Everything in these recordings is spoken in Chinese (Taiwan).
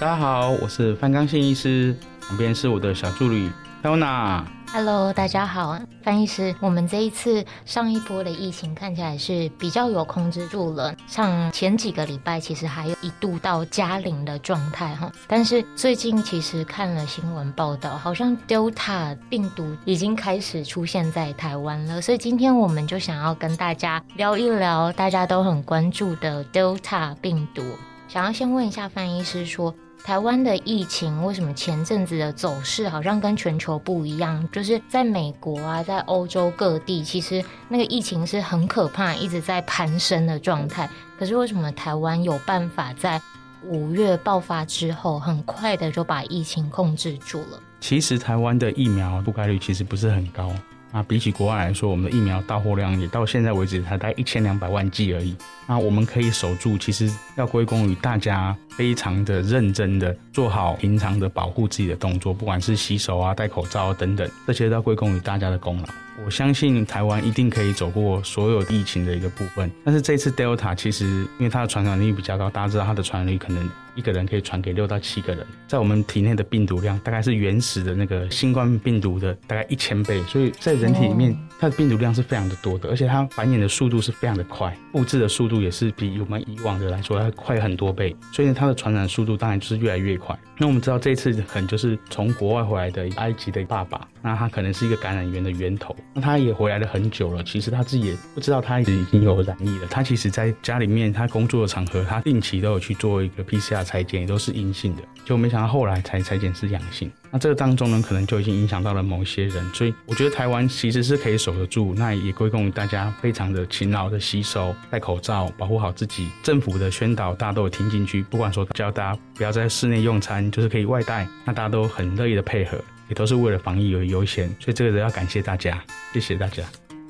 大家好，我是范綱信醫師，旁邊是我的小助理 Helena。Hello，大家好，范醫師，我們這一次上一波的疫情看起來是比較有控制住了，像前幾個禮拜其實還有一度到加零的狀態哈。但是最近其實看了新聞報道，好像 Delta 病毒已經開始出現在台灣了，所以今天我們就想要跟大家聊一聊大家都很關注的 Delta 病毒。想要先問一下范醫師說。台灣的疫情為什麼前陣子的走勢好像跟全球不一樣？就是在美國啊，在歐洲各地，其實那個疫情是很可怕，一直在攀升的狀態。可是為什麼台灣有辦法在五月爆發之後，很快的就把疫情控制住了？其實台灣的疫苗覆蓋率其實不是很高，啊，比起國外來說，我們的疫苗到貨量也到現在為止才大概一千兩百萬劑而已。那，我們可以守住，其實要歸功於大家非常的認真的做好平常的保護自己的動作，不管是洗手啊、戴口罩啊等等，這些都要歸功於大家的功勞。我相信台灣一定可以走過所有疫情的一個部分，但是這次 Delta 其實因為它的傳染力比較高，大家知道它的傳染力可能一個人可以傳給六到七個人，在我們體內的病毒量大概是原始的那個新冠病毒的大概一千倍，所以在人體裡面它的病毒量是非常的多的，而且它繁衍的速度是非常的快，複制的速度也是比我們以往的來說要快很多倍，所以它的傳染速度當然就是越來越快。那我們知道這次很就是從國外回來的埃及的爸爸，那他可能是一個感染源的源頭。那他也回來了很久了，其實他自己也不知道，他已經有染疫了。他其實在家裡面，他工作的場合，他定期都有去做一個 PCR 採檢，也都是陰性的，就沒想到後來才採檢是陽性。那這個當中呢，可能就已經影響到了某些人，所以我覺得台灣其實是可以守得住，那也歸功於大家非常的勤勞的洗手、戴口罩，保護好自己。政府的宣導大家都有聽進去，不管說叫大家不要在室內用餐，就是可以外帶，那大家都很樂意的配合。也都是為了防疫而優先，所以這個人要感謝大家，謝謝大家。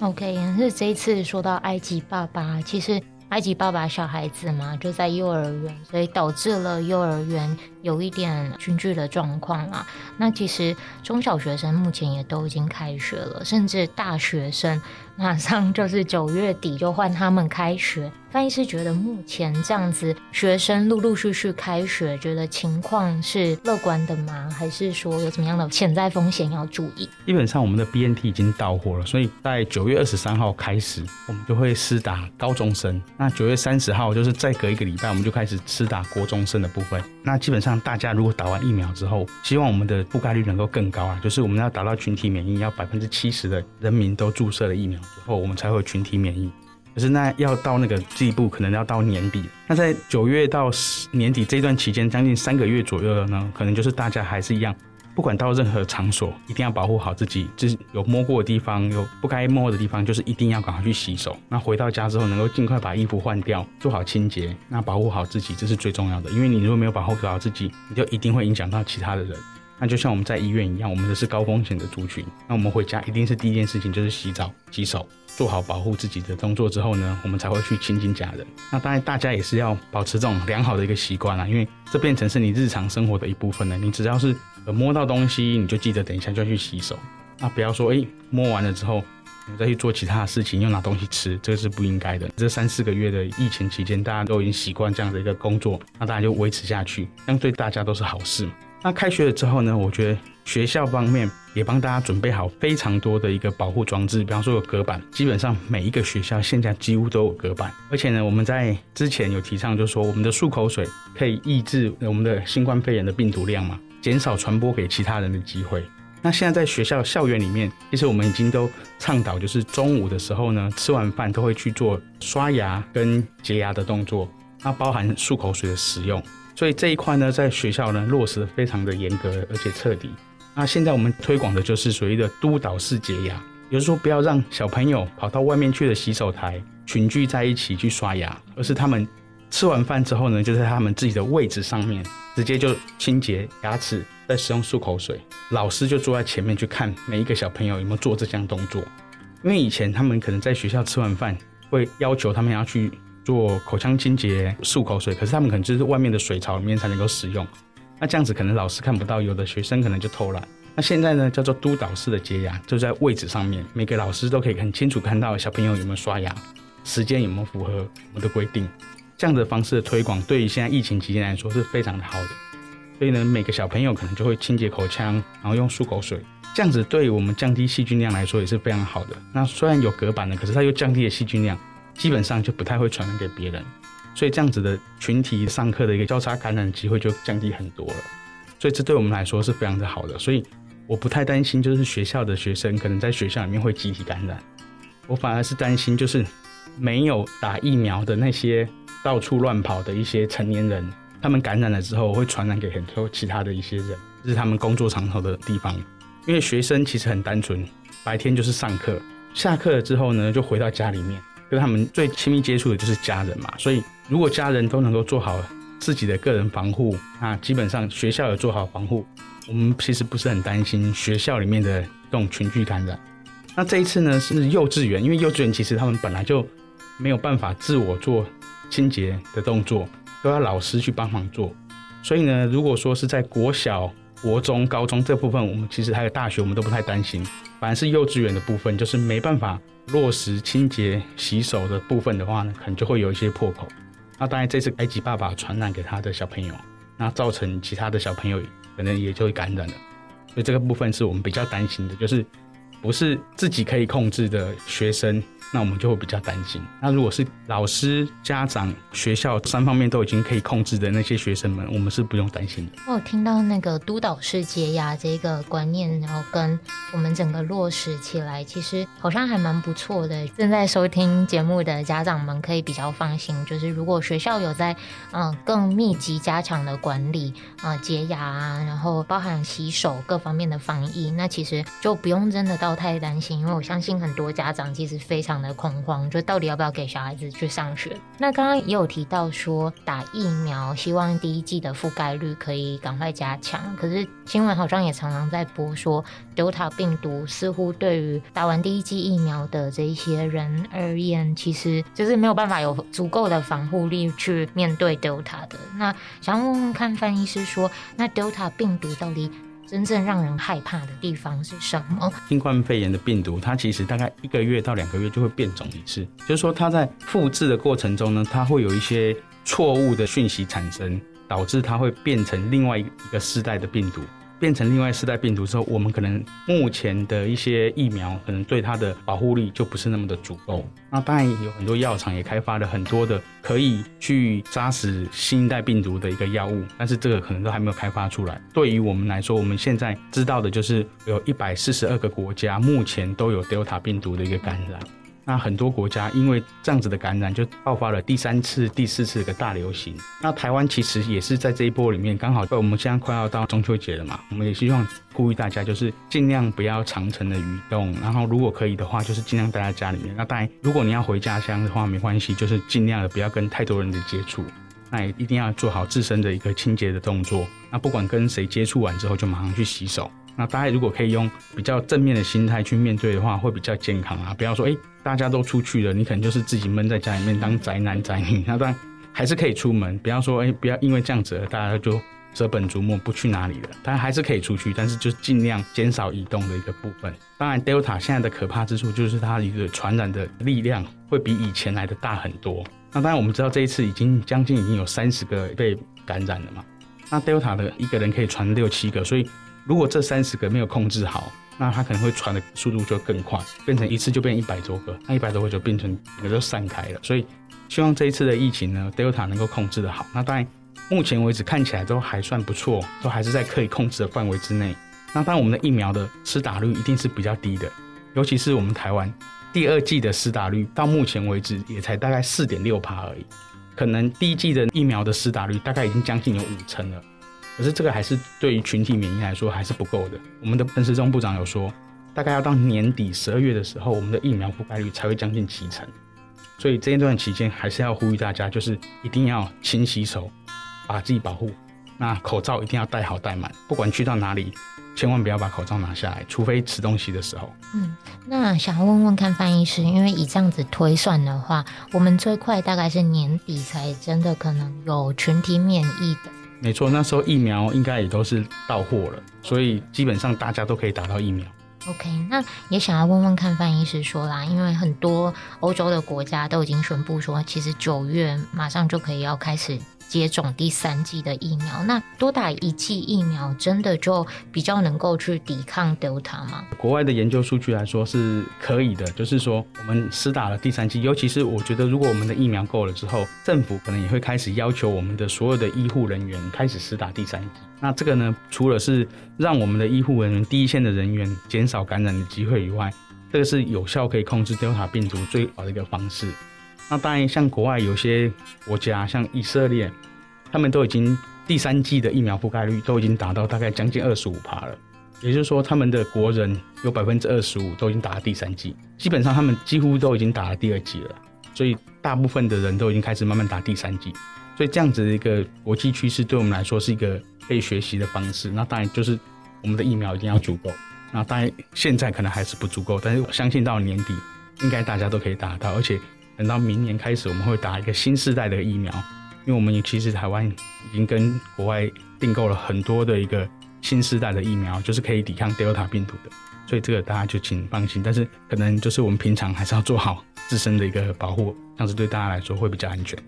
OK，但是這一次說到埃及爸爸，其實埃及爸爸小孩子嘛，就在幼兒園，所以導致了幼兒園。有一點群聚的狀況啊，那其實中小學生目前也都已經開學了，甚至大學生馬上就是九月底就換他們開學。范醫師覺得目前這樣子學生陸陸續續開學，覺得情況是樂觀的嗎？還是說有怎麼樣的潛在風險要注意？基本上我們的 BNT 已經到貨了，所以在九月二十三號開始，我們就會施打高中生。那九月三十號就是再隔一個禮拜，我們就開始施打國中生的部分。那基本上。大家如果打完疫苗之後，希望我們的覆蓋率能夠更高啊，就是我們要達到群體免疫，要百分之七十的人民都注射了疫苗之後，我們才會有群體免疫。可、就是那要到那個地步，可能要到年底。那在九月到10年底這段期間，將近三個月左右了呢，可能就是大家還是一樣。不管到任何場所，一定要保護好自己。就是有摸過的地方，有不該摸的地方，就是一定要趕快去洗手。那回到家之後，能夠儘快把衣服換掉，做好清潔，那保護好自己，這是最重要的。因為你如果沒有保護好自己，你就一定會影響到其他的人。那就像我們在醫院一樣，我們這是高風險的族群。那我們回家一定是第一件事情就是洗澡、洗手，做好保護自己的動作之後呢，我們才會去親近家人。那當然，大家也是要保持這種良好的一個習慣啊，因為這變成是你日常生活的一部分了。你只要是。摸到東西，你就記得等一下就要去洗手。那不要說，哎、欸，摸完了之後，你再去做其他的事情，又拿東西吃，這個是不應該的。這三四個月的疫情期間，大家都已經習慣這樣的一個工作，那大家就維持下去，這樣對大家都是好事嘛。那開學了之後呢，我覺得。學校方面也幫大家準備好非常多的一個保護裝置，比方說有隔板，基本上每一個學校現在幾乎都有隔板。而且呢，我們在之前有提倡，就是說我們的漱口水可以抑制我們的新冠肺炎的病毒量嘛，減少傳播給其他人的機會。那現在在學校校園裡面，其實我們已經都倡導，就是中午的時候呢，吃完飯都會去做刷牙跟潔牙的動作，那包含漱口水的使用。所以這一塊呢，在學校呢落實的非常的嚴格而且徹底。那現在我們推廣的就是所謂的督導式潔牙，也就是說不要讓小朋友跑到外面去的洗手台群聚在一起去刷牙，而是他們吃完飯之後呢，就在他們自己的位置上面直接就清潔牙齒，再使用漱口水。老師就坐在前面去看每一個小朋友有沒有做這項動作，因為以前他們可能在學校吃完飯會要求他們要去做口腔清潔、漱口水，可是他們可能就是外面的水槽裡面才能夠使用。那這樣子可能老師看不到，有的學生可能就偷懶。那現在呢，叫做督導式的潔牙，就在位置上面，每個老師都可以很清楚看到小朋友有沒有刷牙，時間有沒有符合我們的規定。這樣的方式的推廣對於現在疫情期間來說是非常的好的。所以呢，每個小朋友可能就會清潔口腔，然後用漱口水，這樣子對我們降低細菌量來說也是非常的好的。那雖然有隔板的，可是它又降低了細菌量，基本上就不太會傳染給別人。所以這樣子的群體上課的一個交叉感染機會就降低很多了，所以這對我們來說是非常的好的。所以我不太擔心，就是學校的學生可能在學校裡面會集體感染，我反而是擔心就是沒有打疫苗的那些到處亂跑的一些成年人，他們感染了之後會傳染給很多其他的一些人，這是他們工作場所的地方。因為學生其實很單純，白天就是上課，下課了之後呢就回到家裡面。因為他們最親密接觸的就是家人嘛，所以如果家人都能夠做好自己的個人防護，那基本上學校也做好防護，我們其實不是很擔心學校裡面的這種群聚感染。那這一次呢是幼稚園，因為幼稚園其實他們本來就沒有辦法自我做清潔的動作，都要老師去幫忙做。所以呢，如果說是在國小、國中、高中這部分，我們其實還有大學，我們都不太擔心，反而是幼稚園的部分就是沒辦法落實清潔洗手的部分的話呢，可能就會有一些破口。那當然，這次埃及爸爸傳染給他的小朋友，那造成其他的小朋友可能也就會感染了。所以這個部分是我們比較擔心的，就是不是自己可以控制的學生。那我們就會比較擔心。那如果是老師、家長、學校三方面都已經可以控制的那些學生們，我們是不用擔心的。我聽到那個督導式潔牙這個觀念，然後跟我們整個落實起來，其實好像還蠻不錯的。正在收聽節目的家長們可以比較放心，就是如果學校有在嗯、呃、更密集加強的管理啊潔牙，呃、啊，然後包含洗手各方面的防疫，那其實就不用真的到太擔心，因為我相信很多家長其實非常。恐慌，就到底要不要給小孩子去上學？那剛剛也有提到說，打疫苗，希望第一劑的覆蓋率可以趕快加強。可是新聞好像也常常在播說，Delta 病毒似乎對於打完第一劑疫苗的這些人而言，其實就是沒有辦法有足夠的防護力去面對 Delta 的。那想問問看范醫師說，那 Delta 病毒到底？真正讓人害怕的地方是什麼？新冠肺炎的病毒，它其實大概一個月到兩個月就會變種一次，就是說它在複製的過程中呢，它會有一些錯誤的訊息產生，導致它會變成另外一個世代的病毒。變成另外四代病毒之後，我們可能目前的一些疫苗可能對它的保護力就不是那麼的足夠。那當然有很多藥廠也開發了很多的可以去殺死新一代病毒的一個藥物，但是這個可能都還沒有開發出來。對於我們來說，我們現在知道的就是有一百四十二個國家目前都有 Delta 病毒的一個感染。那很多國家因為這樣子的感染，就爆發了第三次、第四次的一個大流行。那台灣其實也是在這一波裡面，剛好我們現在快要到中秋節了嘛，我們也希望呼籲大家，就是儘量不要長程的移動，然後如果可以的話，就是儘量待在家裡面。那大家如果你要回家鄉的話，沒關係，就是儘量的不要跟太多人的接觸，那也一定要做好自身的一個清潔的動作。那不管跟誰接觸完之後，就馬上去洗手。那大家如果可以用比較正面的心態去面對的話，會比較健康啊，不要說誒。欸大家都出去了，你可能就是自己悶在家裡面當宅男宅女。那當然還是可以出門，不要說哎、欸、不要因為這樣子了大家就捨本逐末不去哪裡了。當然還是可以出去，但是就儘量減少移動的一個部分。當然，Delta 現在的可怕之處就是它一個傳染的力量會比以前來的大很多。那當然我們知道這一次已經將近已經有三十個被感染了嘛。那 Delta 的一個人可以傳六七個，所以如果這三十個沒有控制好，那它可能會傳的速度就更快，變成一次就變一百多個，那一百多個就變成也就散開了。所以，希望這一次的疫情呢，Delta 能夠控制得好。那當然，目前為止看起來都還算不錯，都還是在可以控制的範圍之內。那當然我們的疫苗的施打率一定是比較低的，尤其是我們台灣第二劑的施打率到目前為止也才大概四點六趴而已，可能第一劑的疫苗的施打率大概已經將近有五成了。可是這個還是對於群體免疫來說還是不夠的。我們的陳時中部長有說，大概要到年底十二月的時候，我們的疫苗覆蓋率才會將近七成。所以這一段期間還是要呼籲大家，就是一定要勤洗手，把自己保護。那口罩一定要戴好戴滿，不管去到哪裡，千萬不要把口罩拿下來，除非吃東西的時候。嗯，那想要問問看范醫師，因為以這樣子推算的話，我們最快大概是年底才真的可能有群體免疫的。沒錯，那時候疫苗應該也都是到貨了，所以基本上大家都可以打到疫苗。OK，那也想要問問看范醫師說啦，因為很多歐洲的國家都已經宣布說，其實九月馬上就可以要開始。接種第三劑的疫苗，那多打一劑疫苗真的就比較能夠去抵抗 Delta 嗎？國外的研究數據來說是可以的，就是說我們施打了第三劑，尤其是我覺得如果我們的疫苗夠了之後，政府可能也會開始要求我們的所有的醫護人員開始施打第三劑。那這個呢，除了是讓我們的醫護人員第一線的人員減少感染的機會以外，這個是有效可以控制 Delta 病毒最好的一個方式。那當然，像國外有些國家，像以色列，他們都已經第三劑的疫苗覆蓋率都已經達到大概將近二十五趴了，也就是說，他們的國人有百分之二十五都已經打了第三劑，基本上他們幾乎都已經打了第二劑了，所以大部分的人都已經開始慢慢打第三劑，所以這樣子的一個國際趨勢對我們來說是一個可以學習的方式。那當然就是我們的疫苗一定要足夠，那當然現在可能還是不足夠，但是我相信到年底應該大家都可以打到，而且。等到明年開始，我們會打一個新世代的疫苗，因為我們也其實台灣已經跟國外訂購了很多的一個新世代的疫苗，就是可以抵抗 Delta 病毒的，所以這個大家就請放心。但是可能就是我們平常還是要做好自身的一個保護，這樣子對大家來說會比較安全。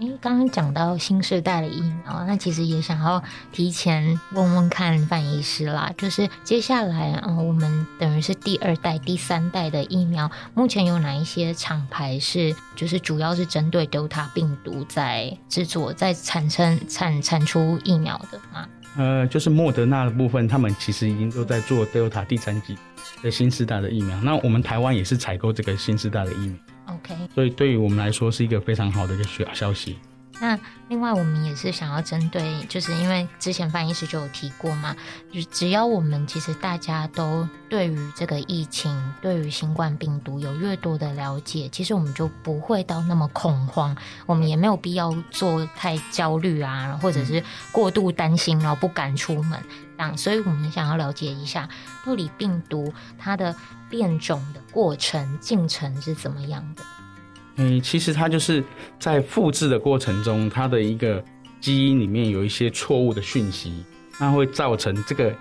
哎，剛剛講到新世代的疫苗，那其實也想要提前問問看范醫師啦，就是接下來啊、呃，我們等於是第二代、第三代的疫苗，目前有哪一些廠牌是就是主要是針對 Delta 病毒在製作、在產生、產產出疫苗的啊，呃，就是莫德納的部分，他們其實已經都在做 Delta 第三級的新世代的疫苗。那我們台灣也是採購這個新世代的疫苗。OK，所以對於我們來說是一個非常好的一個消消息。那另外，我們也是想要針對，就是因為之前范醫師就有提過嘛，就只要我們其實大家都對於這個疫情、對於新冠病毒有越多的了解，其實我們就不會到那麼恐慌，我們也沒有必要做太焦慮啊，或者是過度擔心，然後不敢出門這樣。所以我們想要了解一下，到底病毒它的變種的過程、進程是怎麼樣的。嗯、欸，其實它就是在複製的過程中，它的一個基因裡面有一些錯誤的訊息，那會造成這個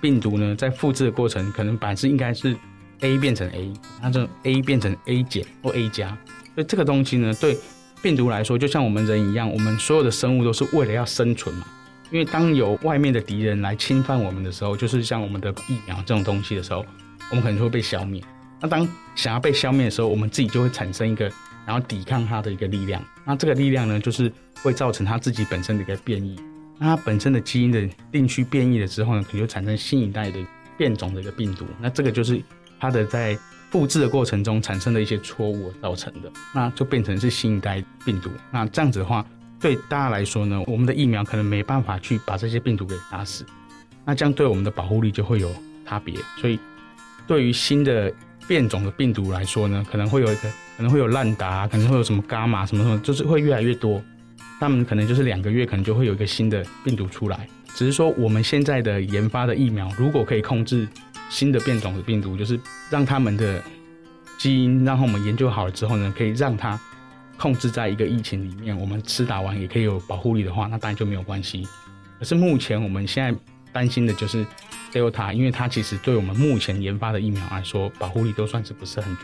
病毒呢，在複製的過程，可能本來是應該是 A 變成 A，那這種 A 變成 A 減或 A 加，所以這個東西呢，對病毒來說，就像我們人一樣，我們所有的生物都是為了要生存嘛。因為當有外面的敵人來侵犯我們的時候，就是像我們的疫苗這種東西的時候，我們可能就會被消滅。那當想要被消滅的時候，我們自己就會產生一個。然後抵抗它的一個力量，那這個力量呢，就是會造成它自己本身的一個變異。那它本身的基因的定區變異了之後呢，可能就產生新一代的變種的一個病毒。那這個就是它的在複製的過程中產生的一些錯誤造成的，那就變成是新一代病毒。那這樣子的話，對大家來說呢，我們的疫苗可能沒辦法去把這些病毒給打死，那這樣對我們的保護力就會有差別。所以，對於新的變種的病毒來說呢，可能會有一個。可能會有 Lambda，可能會有什麼伽馬什麼什麼，就是會越來越多。他們可能就是兩個月，可能就會有一個新的病毒出來。只是說，我們現在的研發的疫苗，如果可以控制新的變種的病毒，就是讓他們的基因，然後我們研究好了之後呢，可以讓他控制在一個疫情裡面，我們吃打完也可以有保護力的話，那當然就沒有關係。可是目前我們現在擔心的就是 Delta，因為它其實對我們目前研發的疫苗來說，保護力都算是不是很足。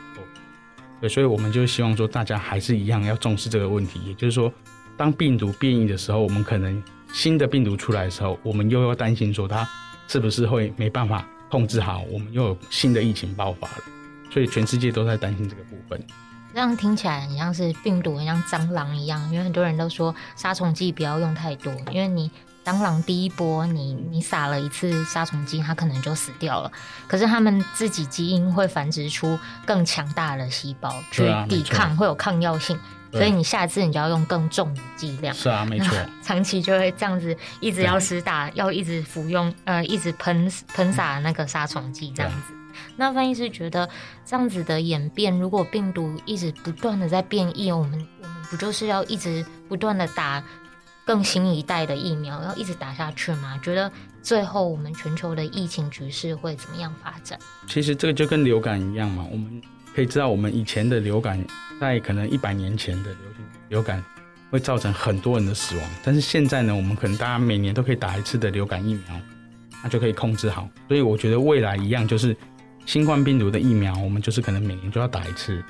所以我們就希望說，大家還是一樣要重視這個問題。也就是說，當病毒變異的時候，我們可能新的病毒出來的時候，我們又要擔心說它是不是會沒辦法控制好，我們又有新的疫情爆發。所以全世界都在擔心這個部分。這樣聽起來很像是病毒，很像蟑螂一樣，因為很多人都說殺蟲劑不要用太多，因為你。蟑螂第一波你你撒了一次殺蟲劑，它可能就死掉了。可是它們自己基因會繁殖出更強大的細胞去、啊、抵抗，會有抗藥性。所以你下一次你就要用更重的劑量。是啊，沒錯。長期就會這樣子，一直要施打，要一直服用，呃，一直噴噴灑那個殺蟲劑這樣子。那范醫師覺得這樣子的演變，如果病毒一直不斷的在變異，我們我們不就是要一直不斷的打？更新一代的疫苗要一直打下去嗎？覺得最後我們全球的疫情局勢會怎麼樣發展？其實這個就跟流感一樣嘛，我們可以知道我們以前的流感，在可能一百年前的流行流感，會造成很多人的死亡。但是現在呢，我們可能大家每年都可以打一次的流感疫苗，那就可以控制好。所以我覺得未來一樣就是新冠病毒的疫苗，我們就是可能每年就要打一次。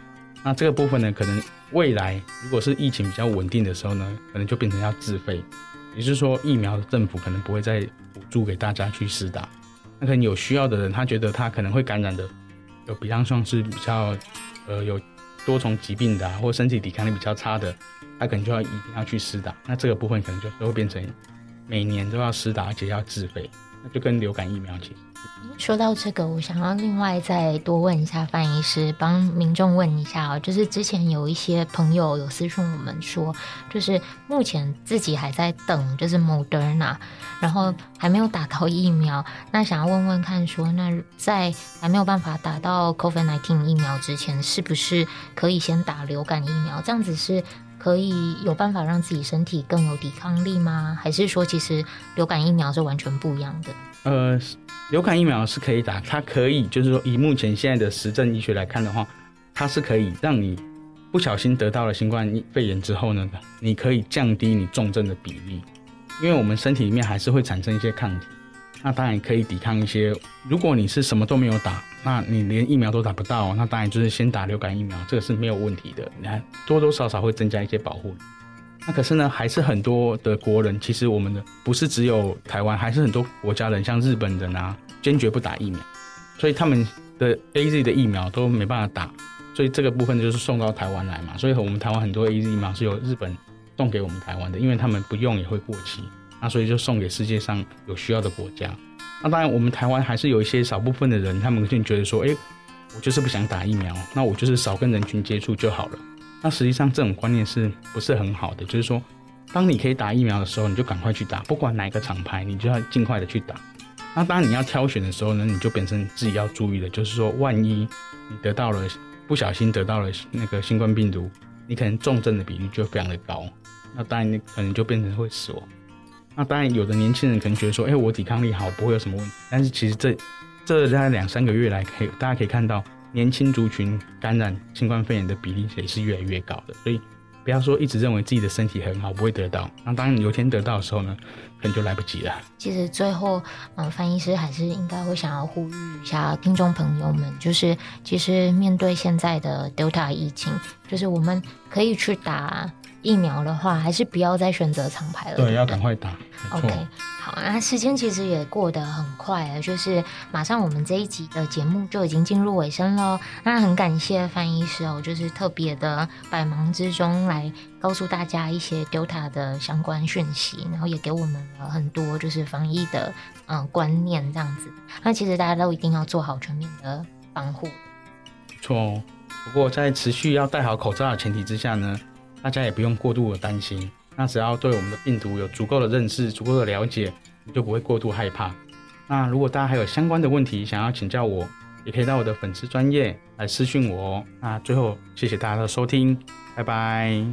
那這個部分呢，可能未來如果是疫情比較穩定的時候呢，可能就變成要自費，也就是說疫苗政府可能不會再補助給大家去施打。那可能有需要的人，他覺得他可能會感染的，有比較算是比較呃有多重疾病的、啊，或身體抵抗力比較差的，他可能就要一定要去施打。那這個部分可能就會變成每年都要施打，而且要自費。那就跟流感疫苗去。說到這個，我想要另外再多問一下范醫師，幫民眾問一下哦，就是之前有一些朋友有私訊我們說，就是目前自己還在等，就是 Moderna，然後還沒有打到疫苗，那想要問問看說，說那在還沒有辦法打到 COVID-19 疫苗之前，是不是可以先打流感疫苗？這樣子是？可以有辦法讓自己身體更有抵抗力嗎？還是說，其實流感疫苗是完全不一樣的？呃，流感疫苗是可以打，它可以就是說，以目前現在的實證醫學來看的話，它是可以讓你不小心得到了新冠肺炎之後呢，你可以降低你重症的比例，因為我們身體裡面還是會產生一些抗體，那當然可以抵抗一些。如果你是什麼都沒有打，那你連疫苗都打不到，那當然就是先打流感疫苗，這個是沒有問題的。你看多多少少會增加一些保護。那可是呢，還是很多的國人，其實我們的不是只有台灣，還是很多國家人，像日本人啊，堅決不打疫苗，所以他們的 AZ 的疫苗都沒辦法打。所以這個部分就是送到台灣來嘛。所以我們台灣很多 AZ 疫苗是由日本送給我們台灣的，因為他們不用也會過期，那所以就送給世界上有需要的國家。那當然，我們台灣還是有一些少部分的人，他們就覺得說，哎，我就是不想打疫苗，那我就是少跟人群接觸就好了。那實際上這種觀念是不是很好的？就是說，當你可以打疫苗的時候，你就趕快去打，不管哪個廠牌，你就要盡快的去打。那當然你要挑選的時候呢，你就本身自己要注意的，就是說，萬一你得到了，不小心得到了那個新冠病毒，你可能重症的比例就非常的高，那當然你可能就變成會死亡。那當然，有的年輕人可能覺得說，哎、欸，我抵抗力好，不會有什麼問題。但是其實這，這大概兩三個月來，可以大家可以看到，年輕族群感染新冠肺炎的比例也是越來越高的。所以不要說一直認為自己的身體很好，不會得到。那當然，有天得到的時候呢，可能就來不及了。其實最後，嗯，范醫師還是應該會想要呼籲一下聽眾朋友們，就是其實面對現在的 Delta 疫情，就是我們可以去打。疫苗的話，還是不要再選擇廠牌了。對，對，對，要趕快打。OK，好啊，那時間其實也過得很快啊，就是馬上我們這一集的節目就已經進入尾聲咯。那很感謝范醫師哦，就是特別的百忙之中來告訴大家一些 Delta 的相關訊息，然後也給我們了很多就是防疫的嗯、呃、觀念這樣子。那其實大家都一定要做好全面的防護。錯，不過在持續要戴好口罩的前提之下呢。大家也不用過度的擔心，那只要對我們的病毒有足夠的認識、足夠的了解，你就不會過度害怕。那如果大家還有相關的問題想要請教我，也可以到我的粉絲專頁來私訊我哦。那最後，謝謝大家的收聽，拜拜。